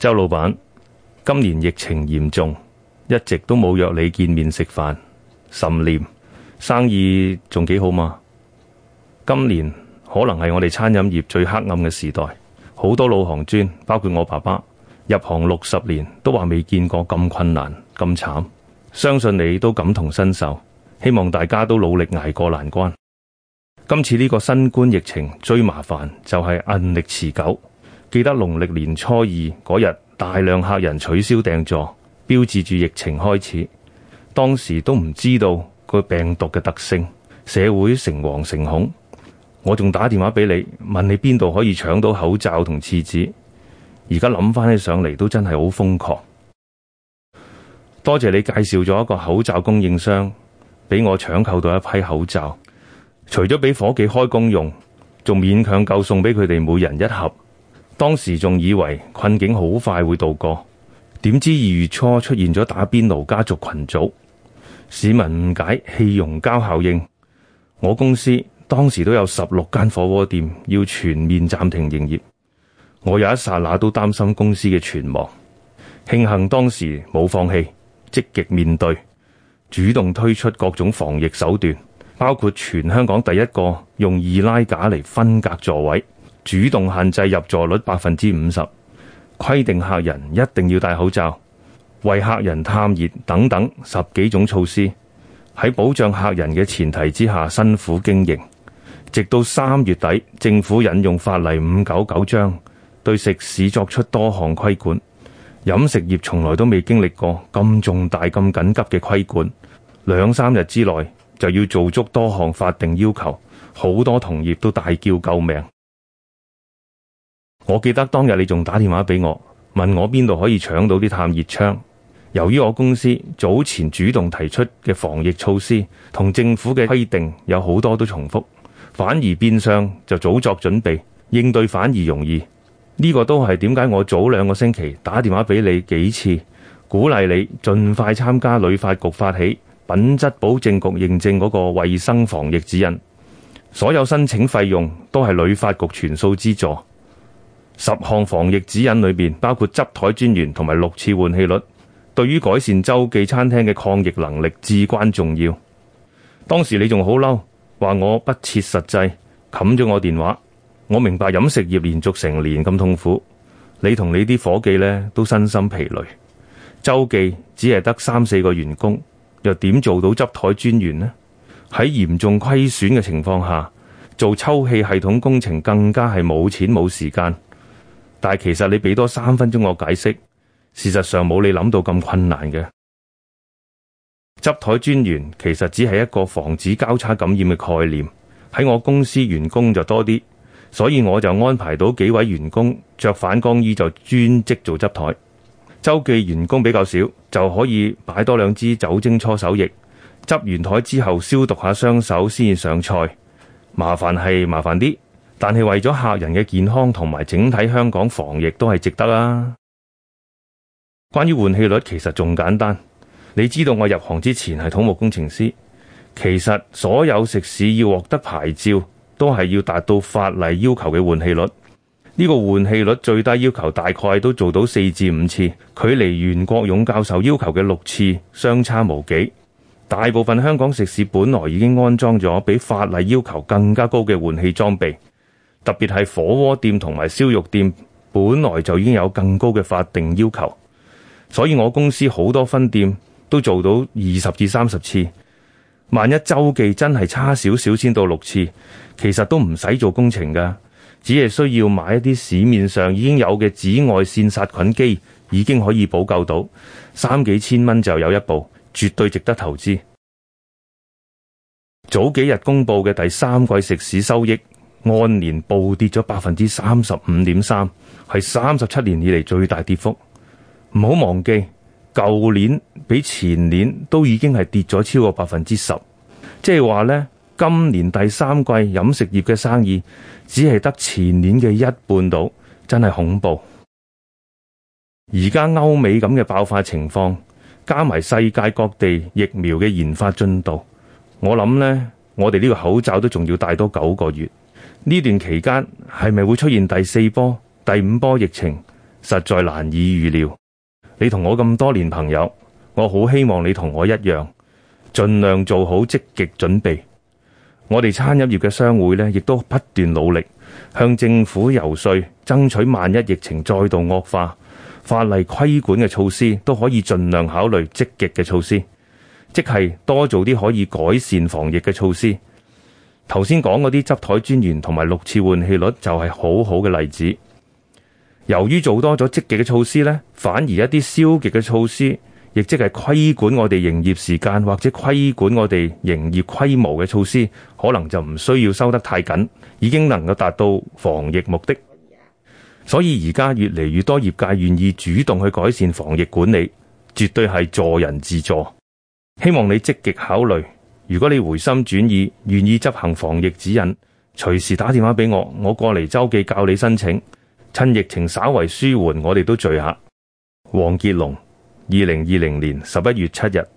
周老闆，今年疫情嚴重，一直都冇約你見面食飯，甚念，生意仲幾好嗎？今年可能係我哋餐飲業最黑暗嘅時代，好多老行尊包括我爸爸入行六十年都話未見過咁困難咁慘，相信你都感同身受，希望大家都努力挨過難關。今次呢個新冠疫情最麻煩就係韌力持久。記得農曆年初二嗰日，大量客人取消訂座，標誌住疫情開始。當時都唔知道個病毒嘅特性，社會誠惶誠恐。我仲打電話俾你，問你邊度可以搶到口罩同廁紙。而家諗返起上嚟都真係好瘋狂。多謝你介紹咗一個口罩供應商，俾我搶購到一批口罩，除咗俾伙計開工用，仲勉強夠送俾佢哋每人一盒。當時仲以為困境好快會渡過，點知二月初出現咗打邊爐家族群組，市民誤解氣溶膠效應，我公司當時都有十六間火鍋店要全面暫停營業，我有一剎那都擔心公司嘅存亡，慶幸當時冇放棄，積極面對，主動推出各種防疫手段，包括全香港第一個用二拉架嚟分隔座位。主動限制入座率百分之五十，規定客人一定要戴口罩，為客人探熱等等十幾種措施，喺保障客人嘅前提之下辛苦經營。直到三月底，政府引用法例五九九章，對食肆作出多項規管，飲食業從來都未經歷過咁重大、咁緊急嘅規管，兩三日之內就要做足多項法定要求，好多同業都大叫救命。我記得當日你仲打電話俾我，問我邊度可以搶到啲探熱槍。由於我公司早前主動提出嘅防疫措施，同政府嘅規定有好多都重複，反而變相就早作準備，應對反而容易。呢個都係點解我早兩個星期打電話俾你幾次，鼓勵你盡快參加旅發局發起品質保證局認證嗰個衛生防疫指引，所有申請費用都係旅發局全數資助。十項防疫指引裏邊包括執枱專員同埋六次換氣率，對於改善周記餐廳嘅抗疫能力至關重要。當時你仲好嬲，話我不切實際，冚咗我電話。我明白飲食業連續成年咁痛苦，你同你啲伙計呢都身心疲累。周記只係得三四個員工，又點做到執枱專員呢？喺嚴重虧損嘅情況下做抽氣系統工程更加係冇錢冇時間。但其實你畀多三分鐘我解釋，事實上冇你諗到咁困難嘅。執枱專員其實只係一個防止交叉感染嘅概念。喺我公司員工就多啲，所以我就安排到幾位員工着反光衣就專職做執枱。周記員工比較少，就可以擺多兩支酒精搓手液。執完枱之後消毒下雙手先上菜。麻煩係麻煩啲。但係為咗客人嘅健康同埋整體香港防疫都係值得啦，啊。關於換氣率其實仲簡單，你知道我入行之前係土木工程師，其實所有食肆要獲得牌照都係要達到法例要求嘅換氣率。呢個換氣率最低要求大概都做到四至五次，距離袁國勇教授要求嘅六次相差無幾。大部分香港食肆本來已經安裝咗比法例要求更加高嘅換氣裝備。特別係火鍋店同埋燒肉店本來就已經有更高嘅法定要求，所以我公司好多分店都做到二十至三十次。萬一周記真係差少少，先到六次，其實都唔使做工程噶，只係需要買一啲市面上已經有嘅紫外線殺菌機，已經可以補救到，三幾千蚊就有一部，絕對值得投資。早幾日公布嘅第三季食肆收益，按年暴跌咗百分之三十五點三，係三十七年以嚟最大跌幅。唔好忘記，舊年比前年都已經係跌咗超過百分之十，即係話咧，今年第三季飲食業嘅生意只係得前年嘅一半度，真係恐怖。而家歐美咁嘅爆發情況，加埋世界各地疫苗嘅研發進度，我諗咧，我哋呢個口罩都仲要戴多九個月。呢段期間係咪會出現第四波、第五波疫情，實在難以預料。你同我咁多年朋友，我好希望你同我一樣，盡量做好積極準備。我哋餐飲業嘅商會呢，亦都不斷努力向政府游說，爭取萬一疫情再度惡化，法例規管嘅措施都可以盡量考慮積極嘅措施，即係多做啲可以改善防疫嘅措施。頭先講嗰啲執枱專員同埋六次換氣率就係好好嘅例子。由於做多咗積極嘅措施呢，反而一啲消極嘅措施，亦即係規管我哋營業時間或者規管我哋營業規模嘅措施，可能就唔需要收得太緊，已經能夠達到防疫目的。所以而家越嚟越多業界願意主動去改善防疫管理，絕對係助人自助。希望你積極考慮。如果你回心轉意，願意執行防疫指引，隨時打電話俾我，我過嚟週記教你申請。趁疫情稍為舒緩，我哋都聚下。黃傑龍，二零二零年十一月七日。